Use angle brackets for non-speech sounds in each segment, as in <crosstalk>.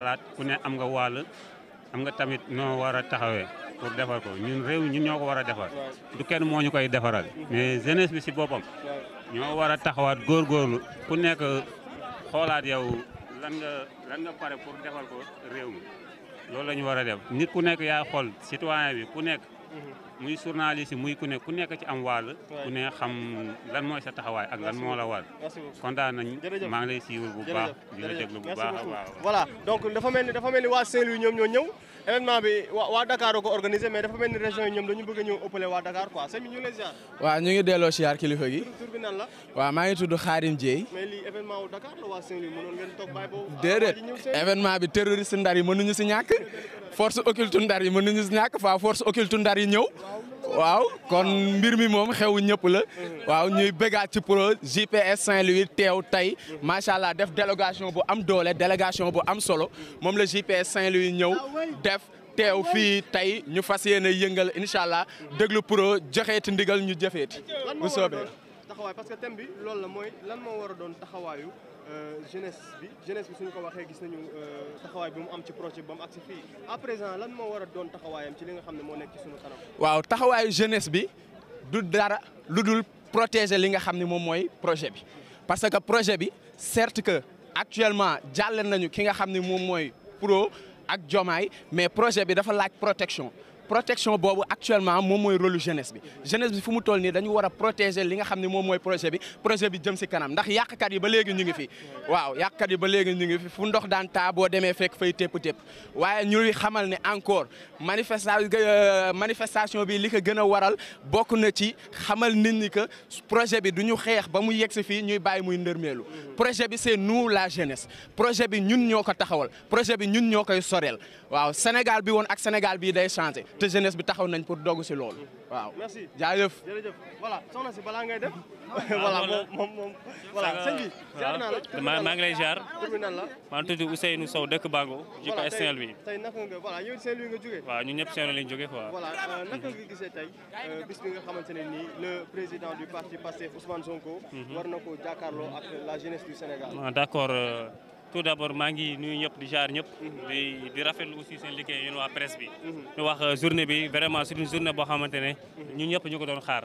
xalaat ku ne am nga wàll am nga tamit noo war a taxawee pour defar ko ñun réew ñun ñoo ko war a defar du kenn moo ñu koy defaral mais jeunesse bi si boppam ñoo war a taxawaat góorgóorlu ku nekk xoolaat yow lan nga lan nga pare pour defal ko réew mi loolu la ñu war a def nit ku nekk yaa xool citoyen bi ku nekk muy journaliste muy ku ne ku nekk ci am wàll. ku ne xam lan mooy sa taxawaay ak lan moo la war. merci maa lay siiwal bu baax. di la bu baax ni dafa mel ni waa Saint-Louis ñoom ñoo ñëw événement bi waa waa Dakar ko organisé mais a ñëw bi ñu ngi lay ziar. waaw ñu ngi delloo ziar kilifa gi. tur maa ngi tudd Xaarim Dieye. mais lii événement wu Dakar la waa Saint-Louis si ñàkk force occulte ndar yi mënuñu si ñàkk fa force occulte ndar ñëw waaw kon mbir mi moom xewu ñëpp la waaw ñuy bégaat ci pro JPS Saint-Louis teew tey macha allah def délégation bu am doole délégation bu am solo moom la JPS Saint-Louis ñëw def teew fii tey ñu fas yéene yëngal incha allah déglu pro joxeeti ndigal ñu jëfeeti bu soobee taxawaay parce que thème bi loolu la mooy lan moo war a doon taxawaayu Euh, jeunesse bi jeunesse bi suñu ko waxee gis nañu euh, taxawaay bi mu am ci projet ba mu agsi fii à présent lan moo war a doon taxawaayam ci li nga xam ne moo nekk ci suñu kanam. waaw taxawaayu jeunesse bi du dara lu dul protéger li nga xam ni moom mooy projet bi parce que projet bi certes que actuellement jàll nañu ki nga xam ne moom mooy pro ak jomaay mais projet bi dafa laaj protection. protection boobu actuellement moom mooy rôle jeunesse bi jeunesse bi fu mu toll nii dañu war a protéger li nga xam ne moom mooy projet bi projet bi jëm si kanam ndax yàqkat yi ba léegi ñu ngi fi waaw yàqkat yi ba léegi ñu ngi fi fu ndox daan taa boo demee fekk fay tépp-tépp waaye ñuy xamal ne encore manifesta euh, manifestation bi li ko gën a waral bokk na ci xamal nit ñi que projet bi du ñu xeex ba mu yegg si fii ñuy bàyyi muy ndërmeelu projet bi c'est nu la jeunesse projet bi ñun ñoo ko taxawal projet bi ñun ñoo koy soreel waaw Sénégal bi woon ak Sénégal bii day changé te jeunesse bi taxaw nañ pour dogu si loolu. waaw merci jaajëf jërëjëf voilà soxna si balaa ngay def. Ah, <laughs> voilà moom moom voilà sëñ bi. jaar naa la maa maa ngi lay jaar. terminal la maa ngi tudd Ousseynou Sow dëkk Bango. voilà tey tey naka nga euh, naka nga gisee tey euh, bis nga xamante ne nii le président du parti Pastef Ousmane Sonko. Mhm. war na ko jàkkaarloo ak la jeunesse du Sénégal. Ah, d'accord. Euh, tout d'abord maa ngi nuyu ñëpp di jaar ñëpp di di rafetlu aussi seen liggéey yéen waa presse bi ñu mhm. wax euh, journée bi vraiment c'est une journée boo xamante ne ñun ñëpp ñu ko doon xaar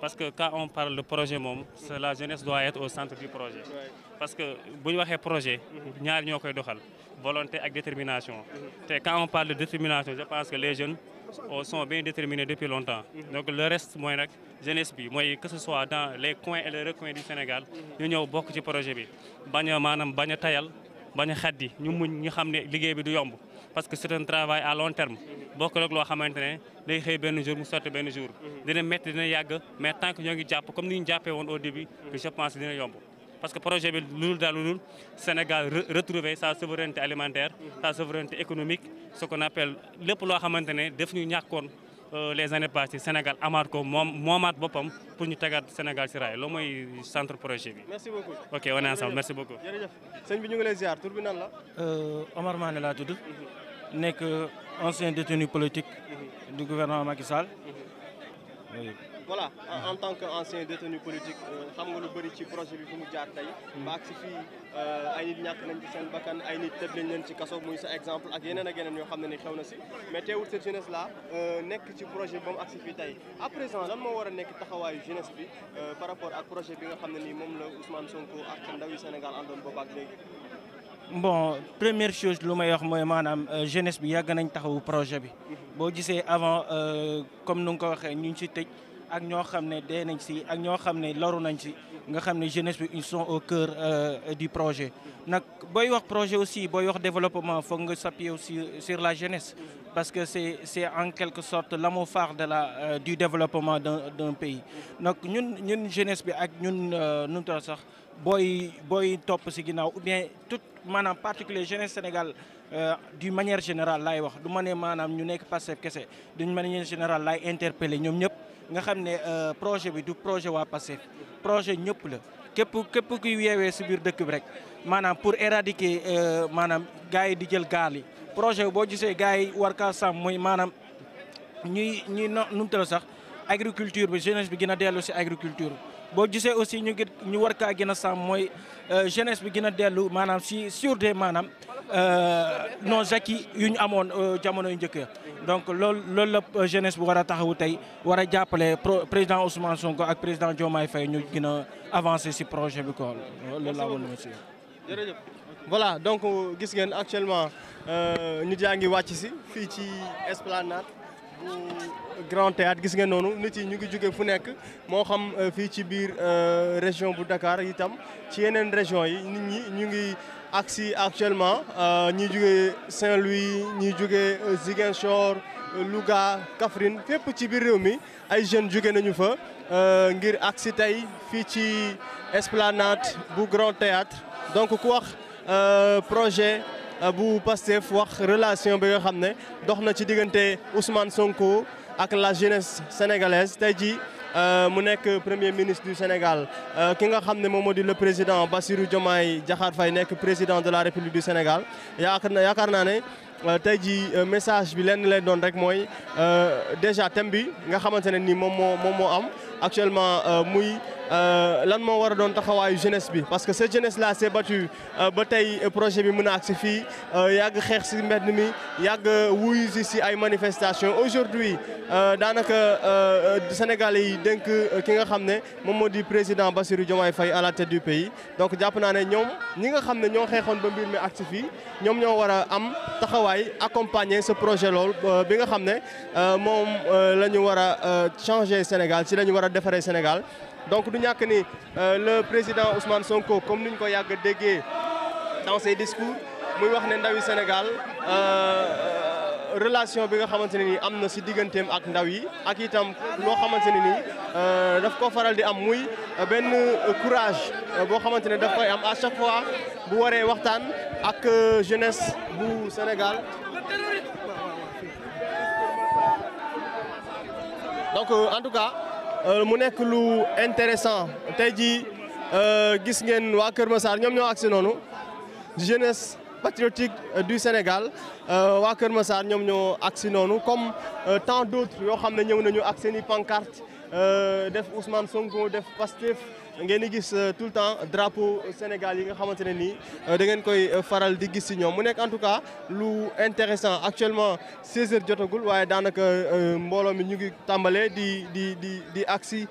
parce que quand on parle de projet moom la jeunesse doit être au centre du projet parce que bu ñu waxee projet ñaar ñoo koy doxal volonté ak détermination te quand on parle de détermination je pense que les jeunes son bien déterminés depuis longtemps donc le reste mooy nag jeunesse bi mooy que ce soit dans les coins et les recoins du Sénégal ñu ñëw bokk ci projet bi bañ a maanaam bañ a tayal bañ a xaddi ñu muñ ñu xam ne liggéey bi du yomb parce que c'est un travail à long terme bokk rek loo xamante ne day xëy benn jour mu sotti benn jour dina métti dina yàgg mais tant que ñoo ngi jàpp comme ni ñu jàppee woon au début que je pense dina yomb parce que projet bi lu dul daal lu dul Sénégal retrouver sa souveraineté alimentaire sa souveraineté économique ce qu'on appelle lépp loo xamante ne def ñu ñàkkoon euh, les années passées Sénégal amaat ko moom moomaat boppam pour ñu tegaat Sénégal si raay loolu mooy centre projet bi. merci beaucoup la. Euh, Omar nekk ancien détenu politique du gouvernement Macky Sall. oui. voilà en tant que ancien détenu politique euh, xam nga lu bëri ci projet bi fu mu jaar tey. Hmm. ba ak si fii euh, ay nit ñàkk nañ ci seen bakkan ay nit tëb nañ leen ci kaso muy sa exemple ak yeneen ak yeneen yoo xam ne ni xew na si mais teewul cette jeunesse là euh, nekk ci projet bi ba mu ak si fii tey à présent lan moo war a nekk taxawaayu jeunesse bi par rapport ak projet bi nga xam ne nii moom la Ousmane Sonko ak ndaw yi Sénégal àndoon léegi. bon première chose lu may wax mooy maanaam euh, jeunesse bi yàgg nañ taxawu projet bi boo gisee avant euh, comme nu nga ko waxee ñu ngi ci tëj ak ñoo xam ne dee nañ si ak ñoo xam ne loru nañ si nga xam ne jeunesse bi ils sont au cœur euh, du projet nag booy wax projet aussi booy wax développement foog nga s'appuyer aussi sur la jeunesse parce que c'est c'est en quelque sorte l'amour phare de la euh, du développement d'un d'un pays donc ñun ñun jeunesse bi ak ñun nunu euh, ta sax booy booy topp si ginnaaw ou bien tout maanaam particulier jeunesse Sénégal d'une manière générale laay wax du ma ne maanaam ñu nekk Pastef kese d'une manière générale laay interpeller ñoom ñëpp nga xam ne euh, projet bi du projet waa Pastef projet ñëpp la képp képp ki yeewee si biir dëkk bi rek maanaam pour éradiquer euh, maanaam gars yi di jël gaal yi projet boo gisee gars yi war kaa sàmm mooy maanaam ñuy ñuy nu mu sax agriculture bi jeunesse bi gën a dellu si agriculture boo gisee aussi ñu ngi ñu war kaa gën a sàmm mooy euh, jeunesse bi gën a dellu maanaam si sur des maanaam euh, nos acquis yu ñu amoon euh, jamono yu njëkk donc loolu loolu la jeunesse bi war a taxawu tey war a jàppale président Ousmane Sonko ak président Diomaye Faye ñu gën a avancé si projet bi quoi loolu la amoon monsieur. jërëjëf voilà donc gis ngeen actuellement nit yaa ngi wàcc si fii ci esplanade. bu euh, Grand Théâtre gis ngeen noonu nit yi ñu ngi jóge fu nekk moo xam euh, fii ci biir euh, région bu Dakar itam ci yeneen région yi nit ñi ñu ngi agsi actuellement ñi jóge Saint-Louis ñi jóge Ziguinchor Louga Kaffrine fépp ci biir réew mi ay jeunes jóge nañu fa ngir agsi tey fii ci esplanade bu Grand Théâtre donc ku wax projet Euh, bu Pastef wax relation bi nga xam ne dox na ci diggante Ousmane Sonko ak la jeunesse sénégalaise tey jii euh, mu nekk premier ministre du Sénégal euh, ki nga xam ne moom moo di le président Bassirou Diomaye Diakhar Faye nekk président de la République du Sénégal yaakaar naa ne. Euh, tey jii euh, message bi lenn lay doon rek mooy euh, déjà thème bi nga xamante ne ni moom moo moom moo am actuellement muy lan moo war a doon taxawaayu jeunesse bi parce que cette jeunesse la s'est battue ba tey projet bi mun a agsi fii yàgg xeex si mbenn mi yàgg wuyu si si ay manifestations aujourd'hui daanaka Sénégal yi dénk ki nga xam ne moom moo di président Bassirou Diomaye Faye à la tête du pays donc jàpp naa ne ñoom ñi nga xam ne ñoo xeexoon ba mbir mi agsi fii ñoom ñoo war a am Faye accompagner ce projet loolu euh, bi nga xam ne euh, moom euh, la ñu war a changer Sénégal ci lañu ñu war a defaree Sénégal donc du ñàkk ni le président Ousmane Sonko comme ni ñu ko yàgg déggee dans ses discours muy wax ne ndawi Sénégal. relation bi nga xamante ne ni am na si digganteem ak ndaw yi ak itam loo xamante ne ni euh, daf ko faral di am muy euh, benn euh, courage boo xamante ne daf koy am à chaque fois bu waree waxtaan ak jeunesse bu Sénégal. donc en tout cas mu nekk lu intéressant te jii gis ngeen waa Kër Massar ñoom ñoo agsi noonu jeunesse. patriotique euh, du Sénégal euh, waa Kër Massar ñoom ñoo agsi noonu comme euh, temps d'autres yoo xam ne ñëw nañu ak seen i pancarte def Ousmane Sonko def Pastef ngeen di gis tout le temps drapeau Sénégal yi nga xamante ne nii da ngeen koy faral di gis si ñoom mu nekk en tout cas lu intéressant actuellement 16 heures jotagul waaye daanaka mbooloo mi ñu ngi tàmbalee di di di di agsi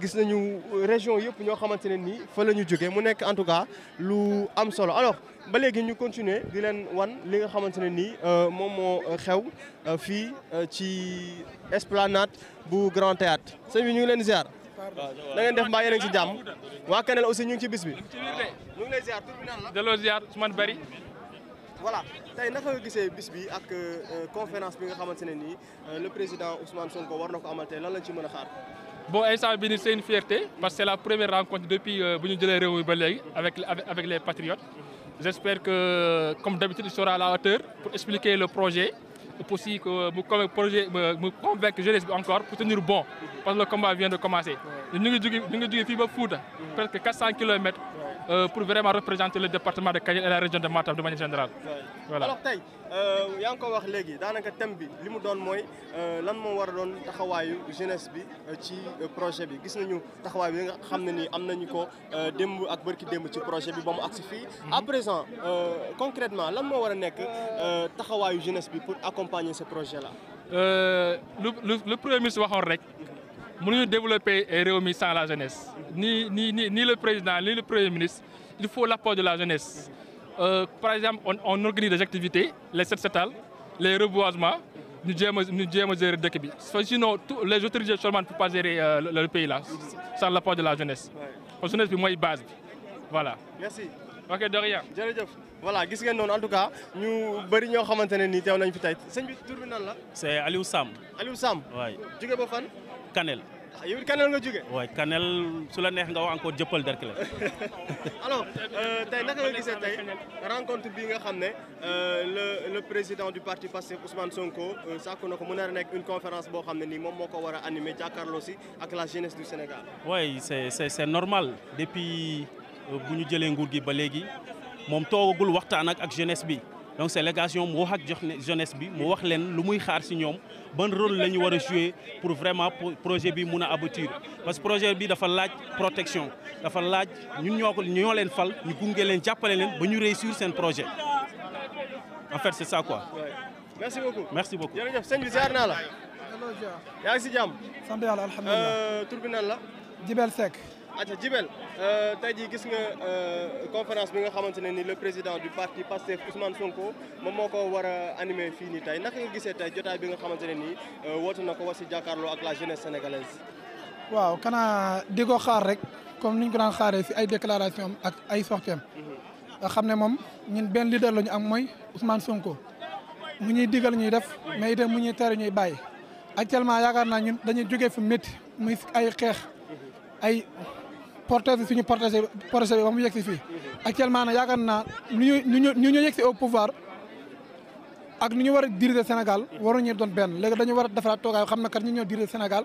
gis nañu région yëpp ñoo xamante ne nii fa la ñu jógee mu nekk en tout cas lu am solo alors. ba léegi ñu continuer di leen wan li nga xamante ne nii euh, moom moo xew euh, fii euh, ci esplanade bu Grand Théâtre sëñ bi ñu ngi leen ziar. da ngeen def mbaa yéen ci jàmm. waa Kanel aussi ñu ngi ci bis bi. ñu ngi lay ziar tur Bari. voilà tey naka nga gisee bis bi ak conférence bi nga xamante ne nii le président Ousmane Sonko war na ko amal tey lan ci mën a xaar. bon instant bi nii c'est une parce que la première rencontre depuis bu ñu jëlee réew mi ba léegi avec avec les patriotes. J'espère que, comme d'habitude, il à la hauteur pour expliquer le projet. Pour aussi que me projet, me, convaincre jeunesse encore pour tenir bon. Parce que le combat vient de commencer. Nous avons fait presque 400 km Euh, pour vraiment représenter le département de Kañel et la région de Matam de manière générale. voilà alors tey euh, yaa ngi ko wax léegi daanaka thème bi li mu doon mooy euh, lan moo war a doon taxawaayu jeunesse bi ci projet bi gis nañu taxawaay bi nga xam na ni am nañu ko démb ak bërki démb ci projet bi ba mu agsi fii. Mhm. à présent concrètement lan moo war a nekk taxawaayu jeunesse bi pour accompagner ce projet la lu lu le premier ministre waxoon rek. Mhm. mënuñu développer eh, réew mi sans la jeunesse ni ni ni le président ni le premier ministre il faut l'apport de la jeunesse euh, par exemple on, on organise de activités les set setal les reboisements ñu jéem a ñu jéem a gérer dëkk bi sinon tous les autorités seulement ne peuvent pas gérer euh, le, le pays là sans l'apport de la jeunesse kon jeunesse bi mooy base bi voilà. merci. ok de rien. jërëjëf gis ngeen noonu en tout cas ñu bëri ñoo xamante ne nii teew nañ fi tey sëñ bi tur bi la. c'est Aliou Sam. Sam. waay Kanel. Ah, yow Kanel nga jóge waay Kanel su la neex nga wax jëppal Derklé. <laughs> alors euh, tey naka nga gisee tey rencontre bi nga xam ne euh, le le président du parti Pastef Ousmane Sonko euh, sàkku na ko mu nar a nekk une conférence boo xam ne nii moom moo ko war a animer jàkkaarloo si ak la jeunesse du Sénégal. waay c'est c'est c'est normal depuis bu ñu jëlee nguur gi ba léegi moom toogagul waxtaan ak ak jeunesse bi. donc délégation mu wax ak jox ne jeunesse bi mu wax leen lu muy xaar si ñoom ban rôle la ñu war a jouer pour vraiment projet bi mun a aboutir parce que projet bi dafa laaj protection dafa laaj ñun ñoo ko ñoo leen fal ñu gunge leen jàppale ba ñu réussir seen projet en fait c'est ça quoi. merci beaucoup merci bi ziar naa la. yaa ngi si jàmm. sant yàlla alhamdulilah euh, la. Jibel Seck. aca Jibel euh, tey jii gis nga euh, conférence bi nga xamante ne ni le président du parti Pastef Ousmane Sonko moom moo ko war a animé fii nii tey naka nga gisee tey jotaay bi nga xamante ne nii euh, woote na ko war si jàkkaarloo ak la jeunesse sénégalaise. waaw kana di ko xaar rek comme niñ ko daan xaaree si ay déclaration ak ay sortiem mhm. nga xam ne moom ñun benn leader la ñu am mooy Ousmane Sonko mu ñuy digal ñuy def mais itam mu ñuy tere ñuy bàyyi actuellement yaakaar naa ñun dañuy jógee fu métti muy ay xeex porté fi suñu projet projet bi ba mu yegg si fii actuellement nag yaakaar naa ñu ñu ñu ñu yegg si au pouvoir ak nu ñu war a diriger Sénégal waruñu doon benn léegi dañu war a defaraat toogaay xam na kat ñu ñoo diriger Sénégal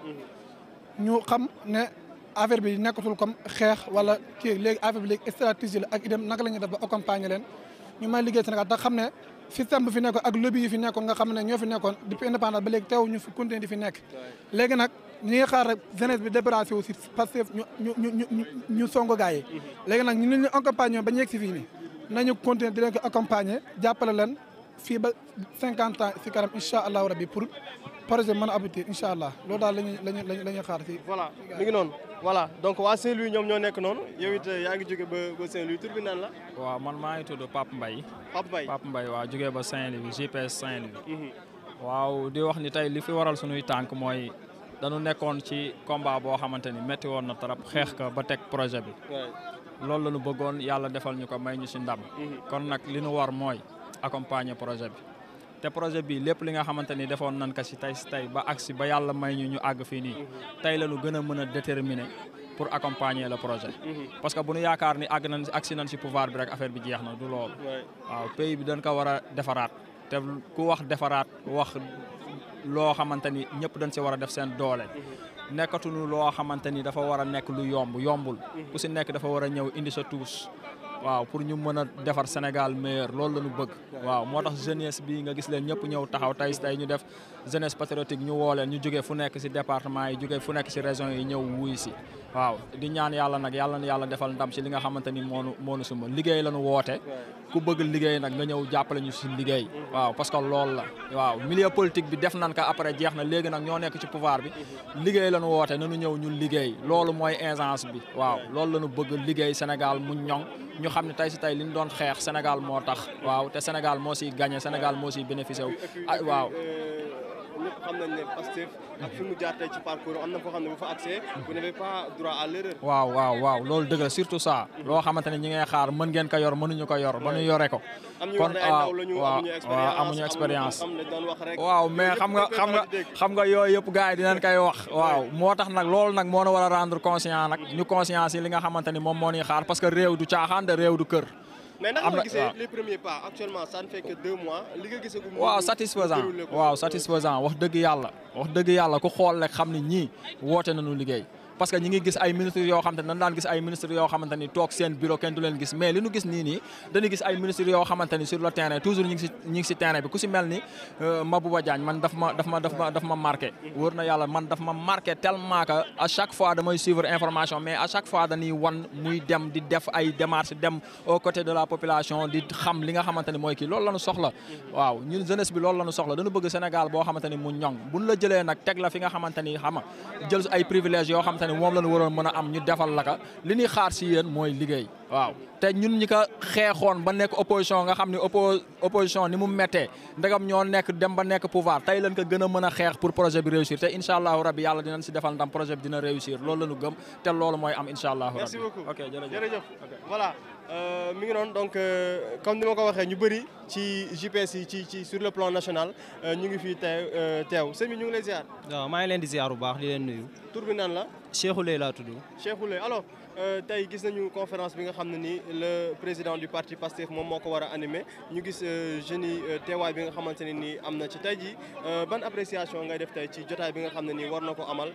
ñu xam ne affaire bi nekkatul comme xeex wala kii léegi affaire bi léegi stratégie la ak idem naka la ñuy def ba accompagner leen ñu may liggéey Sénégal te xam ne système bu fi nekkoon ak lobby yu fi nekkoon nga xam ne ñoo fi nekkoon depuis indépendance ba léegi teew ñu fi continuer di fi nekk léegi nag ñu ngi xaar jeunesse bi déplacé aussi parce que ñu ñu ñu ñu ñu songo gars yi mhm. léegi nag ñu ne ñu accompagné ba ñu yegg si fii na ñu continuer di leen ko accompagner jàppale leen fii ba cinquante ans si kanam incha allahu rabbi pour projet man a aboutir incha allah loolu daal lañuy lañuy lañuy xaar si voilà mi voilà donc waa Saint-Louis ñoom ñoo nekk noonu yow it yaa ngi jóge ba ba Saint-Louis tur bi naan la. waaw man maa ngi tudd Pape Mbaye. Pape Mbaye Pape Mbaye waaw jóge ba Saint-Louis GPS Saint-Louis. Mhm. waaw di wax ni tey li fi waral sunuy tànk mooy dañu nekkoon ci combat boo xamante ni métti woon na tarap xeex ka ba teg projet bi. loolu la ñu bëggoon yàlla defal ñu ko may ñu si ndam. Mhm. kon nag li nu war mooy accompagner projet bi. te projet bi lépp li nga xamante ni defoon nan ko si tey si tey ba agsi ba yàlla may ñu ñu àgg fii nii tey la ñu gën a mën a déterminer pour accompagner la projet. Mhm. parce que bu ñu yaakaar ni àgg nañ agsi nañ si pouvoir bi rek affaire bi jeex na du loolu. waaw pays bi dañ ko war a defaraat te ku wax defaraat wax loo xamante ni ñëpp dañ si war a def seen doole. Mhm. nekkatuñu loo xamante ni dafa war a nekk lu yomb yombul. Mhm. ku si nekk dafa war a ñëw indi sa tuus. waaw pour ñu mën a defar Sénégal meilleur loolu la ñu bëgg waaw moo tax jeunesse bi nga gis leen ñëpp ñëw taxaw tey tey ñu def jeunesse patriotique ñu woo ñu jóge fu nekk si département yi jógee fu nekk si région yi ñëw wuy si waaw di ñaan yàlla nag yàlla na yàlla defal ndam si li nga xamante ni moonu moonu suma liggéey la ñu woote ku bëgg liggéey nag nga ñëw jàppale ñu si liggéey waaw parce que loolu la waaw milieu politique bi def nan ka après jeex na léegi nag ñoo nekk ci pouvoir bi liggéey la ñu woote nañu ñëw ñu liggéey loolu mooy instance bi waaw loolu la ñu bëgg liggéey Sénégal mu ñoŋ ñu xam ne tey si tey li doon xeex Sénégal moo tax waaw te Sénégal moo siy gagné Sénégal moo siy bénéficié wu waaw ñëpp xam nañ ne Pastef waaw waaw loolu dëgg surtout ça loo xamante ne ñi ngee xaar mën ngeen ko yor mënuñu ko yor ba ñu yore ko kon waaw ah, waaw amuñu expérience waaw mais xam nga xam nga xam nga yooyu yëpp gars yi dinañ koy wax waaw moo tax nag loolu nag moo na war a rendre conscient nag ñu conscience yi li nga xamante ni moom moo ñuy xaar parce que réew du caaxaan de réew du kër mais naka nga gisee les premiers pas actuellement ça ne fait li nga gisee waaw satisfaisant waaw satisfaisant wax dëgg yàlla wax dëgg yàlla ku xool rek xam ni ñii woote nañu liggéey parce que ñi ngi gis ay ministre yoo xamante ni toog seen bureau kenn du leen gis mais li ñu gis nii nii dañu gis ay ministre yoo xamante sur le terrain toujours ñi ngi si ñi bi ku si mel ni euh, Mabouba Diagne man daf ma daf ma daf ma daf ma marqué wóor na yàlla man daf ma marqué tellement que à chaque fois damay suivre information mais à chaque fois dañuy wan muy dem di def ay démarches dem au côté de la population di xam li nga xamante mooy kii loolu la ñu soxla waaw ñun xamante ne moom la ñu waroon mën a am ñu defal la li ñuy xaar si yéen mooy liggéey waaw te ñun ñi ko xeexoon ba nekk opposition nga xam ne opposition ni mu méttee ndegam ñoo nekk dem ba nekk pouvoir tey lañ ko gën a mën a xeex pour projet bi réussir te incha allahu rabi yàlla dinañ si defal ndam projet bi dina réussir loolu la ñu gëm te loolu mooy am incha allahu rabi merci beaucoup ok jërëjëf voilà euh, mi ngi noonu donc euh, comme ni ma ko waxee ñu bëri ci GPS yi ci ci sur le plan national euh, ñu ngi fii teew teew semi bi ñu ngi lay ziar. waaw maa ngi leen di ziar bu baax di leen nuyu. tur bi nan la. Cheikhou Leye laa tudd. Euh, tey gis nañu conférence bi nga xam ne ni le président du parti Pastef moom moo ko war a animé ñu gis euh, jeunes yi euh, teewaay bi nga xamante ne nii am na ci tey ji ban appréciation ngay def tey ci jotaay bi nga xam ne nii war na ko amal